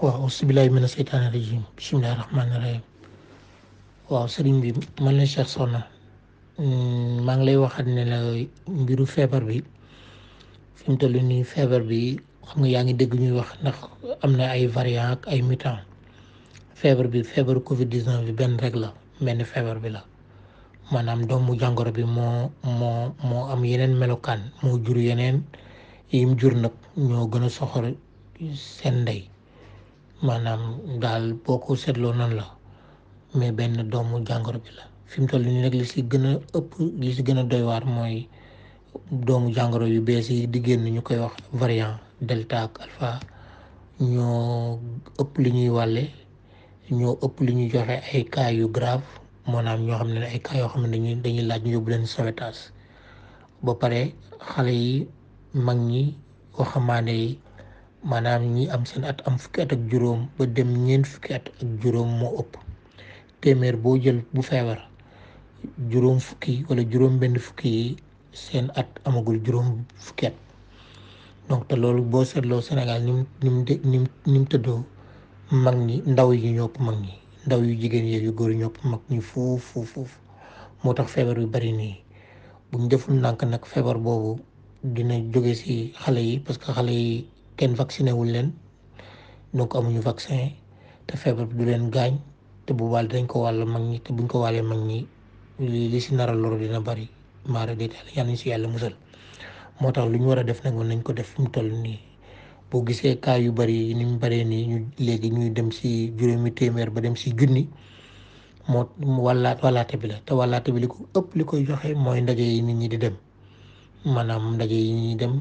waaw sibilaay mina seytaani rajim bisimilahi rahmaani rahim waaw sëriñ bi man la Cheikh Sokhna hmm, maa ngi lay waxaat ne la mbiru feebar bi fi mu toll nii feebar bi xam nga yaa ngi dégg ñuy wax ndax am na ay variant ay mutant feebar bi feebaru Covid 19 bi benn rek la mel ni feebar bi la maanaam doomu jàngoro bi moo moo moo am yeneen melokaan moo jur yeneen yim jur nag ñoo gën a soxor seen ndey. maanaam daal boo ko seetloo nan la mais benn doomu jàngoro bi la fi mu toll ni nag li si gën a ëpp li si gën a doy mooy doomu jàngoro yu bees yi di génn ñu koy wax variant delta ak alpha ñoo ëpp li ñuy wàlle ñoo ëpp li ñuy joxe ay kaay yu grave maanaam ñoo xam ne ay cas yoo xam ne dañuy laaj ñu yóbbu leen sauvetage ba pare xale yi mag ñi waxambaane yi maanaam ñi am seen at am fukki at ak juróom ba dem ñeent fukki at ak juróom moo ëpp téeméer boo jël bu feebar juróom fukki wala juróom benn fukki yi seen at amagul juróom fukki at donc te loolu boo seetloo Sénégal ni mu tëddoo mag ñi ndaw yu ñopp mag ñi ndaw yu jigéen yi yu góor yi ñopp mag ñi foofu foofu moo tax feebar yu bari nii buñ deful ndànk nag feebar boobu dina jóge ci xale yi parce que xale yi kenn vacciné wul leen donc amuñu vaccin te feebar bi du leen gaañ te bu wàll dañ ko wàll mag ñi te buñ ko wàllee mag ñi li si naral lor dina bari maara détaal yàlla ñu si yàlla musal moo tax lu ñu war a def nag woon nañ ko def fi mu toll nii boo gisee cas yu bari ni mu baree nii ñu léegi ñuy dem si juróomi téeméer ba dem si junni moo wàllaat wàllaate bi la te wàllaate bi li ko ëpp li koy joxe mooy ndaje yi nit ñi di dem maanaam ndaje yi ñuy dem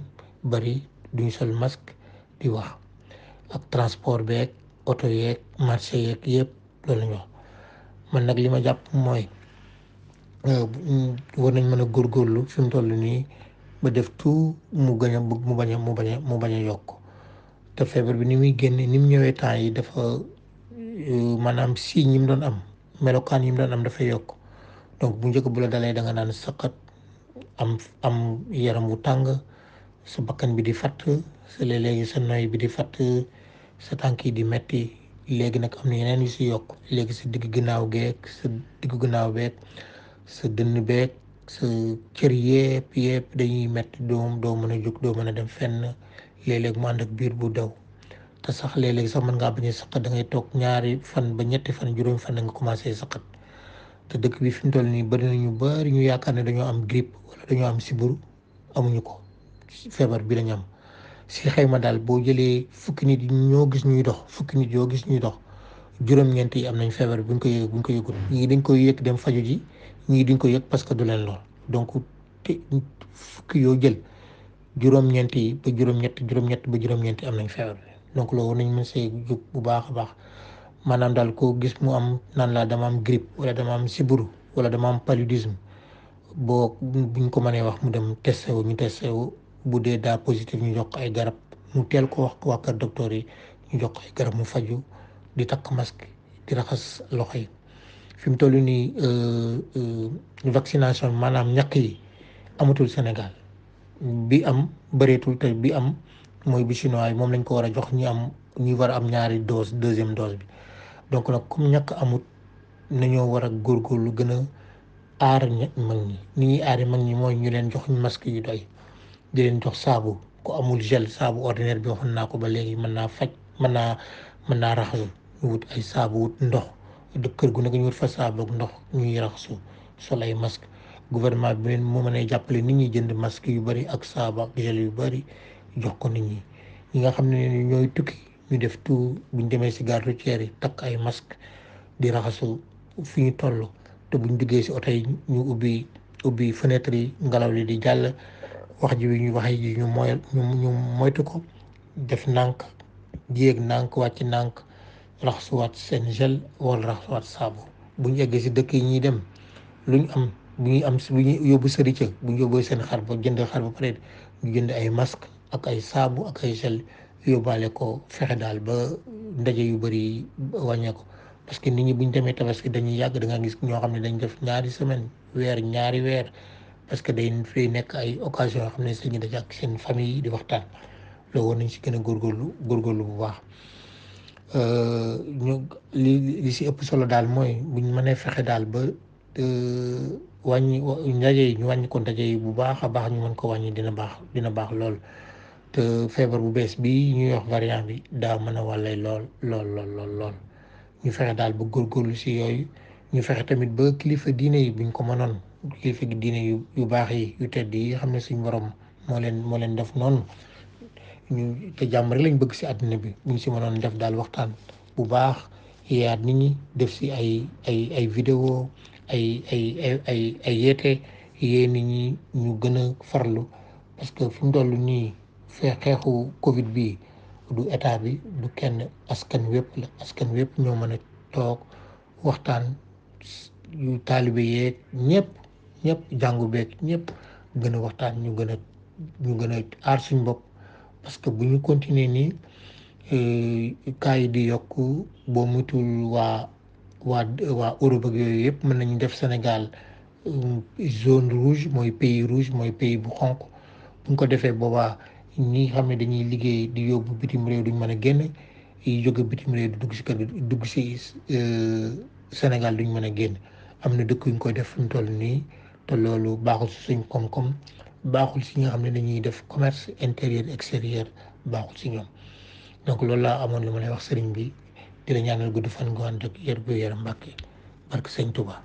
bari duñ sol masque di wax ak transport beeg oto yeeg marché yeeg yëpp loolu ñu man nag li ma jàpp mooy euh, war nañ mën a góorgóorlu fi mu toll nii ba def tout mu gën a mu bañ a mu bañ a mu bañ a yokk te feebar bi ni muy génne ni mu ñëwee temps yi dafa euh, maanaam si ñi mu doon am melokaan yi mu doon am dafay yokk donc bu njëkk bu la dalee da nga naan saqat am am yaram wu tàng sa bakkan bi di fatt sa léeg-léegi sa noy bi di fatt sa tànki yi di metti léegi nag am na yeneen yu si yokk léegi sa digg ginnaaw geeg sa diggu ginnaaw beeg sa dënn beeg sa cër yépp yépp dañuy metti doom doo mën a jóg doo mën a dem fenn léeg-léeg ak biir bu daw te sax léeg-léeg mën ngaa bañ a saqat da toog ñaari fan ba ñetti fan juróom fan da nga commencé saqat te dëkk bi fi mu toll nii bari na ñu bari ñu yaakaar ne dañoo am grippe wala dañoo am siburu amuñu ko feebar bi lañ am si ma daal boo jëlee fukki nit ñoo gis ñuy dox fukki nit yoo gis ñuy dox juróom-ñeent yi am nañ feebar bu ko yëg buñ ko dañ koy yëg dem faju ji ñii duñ ko yëg parce que du leen lool donc te fukki yoo jël juróom-ñeent yi ba ñett juróom juróom-ñeent am nañ feebar donc loolu nañ mën see bu baax baax maanaam daal koo gis mu am naan laa dama am grippe wala dama am siburu wala dama am paludisme boo buñ ko mënee wax mu dem testé ñu testé bu dee daa positif ñu jox ay garab mu teel ko wax waa kër docteur yi ñu jox ay garab mu faju di takk masque di raxas loxo yi fi mu toll nii euh, euh, vaccination maanaam ñàkk yi amatul Sénégal bi am bëreetul te bi am mooy bi yi moom lañ ko war a jox ñi am ñi war a am ñaari dose deuxième dose bi donc nag comme ñàkk amut nañoo war a góor góorgóorlu gën a aar mag ñi ni ñuy aari mag ñi mooy ñu leen jox masque yu doy di leen jox saabu ku amul gel saabu ordinaire bi waxoon naa ko ba léegi mën naa faj mën naa mën naa raxasu ñu wut saabu ndox dëkk kër gu nekk ñu wut fa saabu ak ndox ñuy raxasu sol ay masque gouvernement bi moo mën jàppale nit ñi jënd masque yu bari ak saabu ak gel yu bari jox ko nit ñi ñi nga xam ne ñooy tukki ñu def tout buñ demee si gare routière yi takk ay masque di raxasu fi ñu toll te buñ duggee si oto yi ñu ubbi ubbi fenêtre yi ngelaw li di jàll wax ji ñu wax ji ñu moy ñu moytu ko def ndànk jéeg ndànk wàcc ndànk raxasuwaat seen gel wala raxasuwaat saabu bu ñu eggee si dëkk yi ñuy dem lu ñu am bu ñuy am bu ñu yóbbu sëri cë bu ñu yóbboo seen xar ba jënd xar ba pare ñu jënd ay masque ak ay saabu ak ay gel yóbbaale ko fexe daal ba ndaje yu bëri wàññee ko parce que nit ñi bu ñu demee tabaski dañuy yàgg dangaa gis ñoo xam ne dañ def ñaari semaine weer ñaari weer parce que day fay nekk ay occasion yoo xam ne sëñ daje ak seen famille yi di waxtaan loolu war nañ si gën a góorgóorlu góorgóorlu bu baax ñu li li si ëpp solo daal mooy buñ mënee fexe daal ba e, wàññi ndaje yi ñu wàññi yi bu baax a baax ñu mën ko wàññi dina baax dina baax lool te feebar bu bees bi ñuy wax variant bi daa mën a wàllay lool lool lool lool ñu fexe daal ba góorgóorlu si yooyu ñu fexe tamit ba kilifa diine yi buñ ko mënoon kilifa diine yu baax yi yu tedd yi xam ne suñ borom moo leen moo leen def noonu ñu te jàmm lañ bëgg si àddina bi buñ si mënoon def daal waxtaan bu baax yeeyaat nit ñi def si ay ay ay vidéo ay ay ay ay yeete yee nit ñi ñu gën a farlu parce que fi mu toll nii fee xeexu Covid bi du état bi du kenn askan wépp la askan wépp ñoo mën a toog waxtaan taalibe yeeg ñëpp ñëpp jàngu beeg ñëpp gën a waxtaan ñu gën a ñu gën a aar suñ bopp parce que bu ñu continuer nii euh, cas yi di yokk boo mutul waa waa waa Europe yooyu yëpp mën nañu def Sénégal euh, zone rouge mooy pays rouge mooy pays bu xonq buñ ko defee boobaa ñi xam ne dañuy liggéey di yóbbu bitim réew duñ mën a génn yi jóge bitim réew di dugg si kër gi dugg si euh, Sénégal duñ mën a génn am na dëkk yu ñu koy def fu mu toll nii te loolu baaxul si suñ koom-koom baaxul si ñi xam ne dañuy def commerce intérieur extérieur baaxul si ñoom donc loolu laa amoon lu ma lay wax sëriñ bi di la ñaanal gudd fan nga dëkk ak yar bu yaram Mbàkke barke sëñ Tuubaa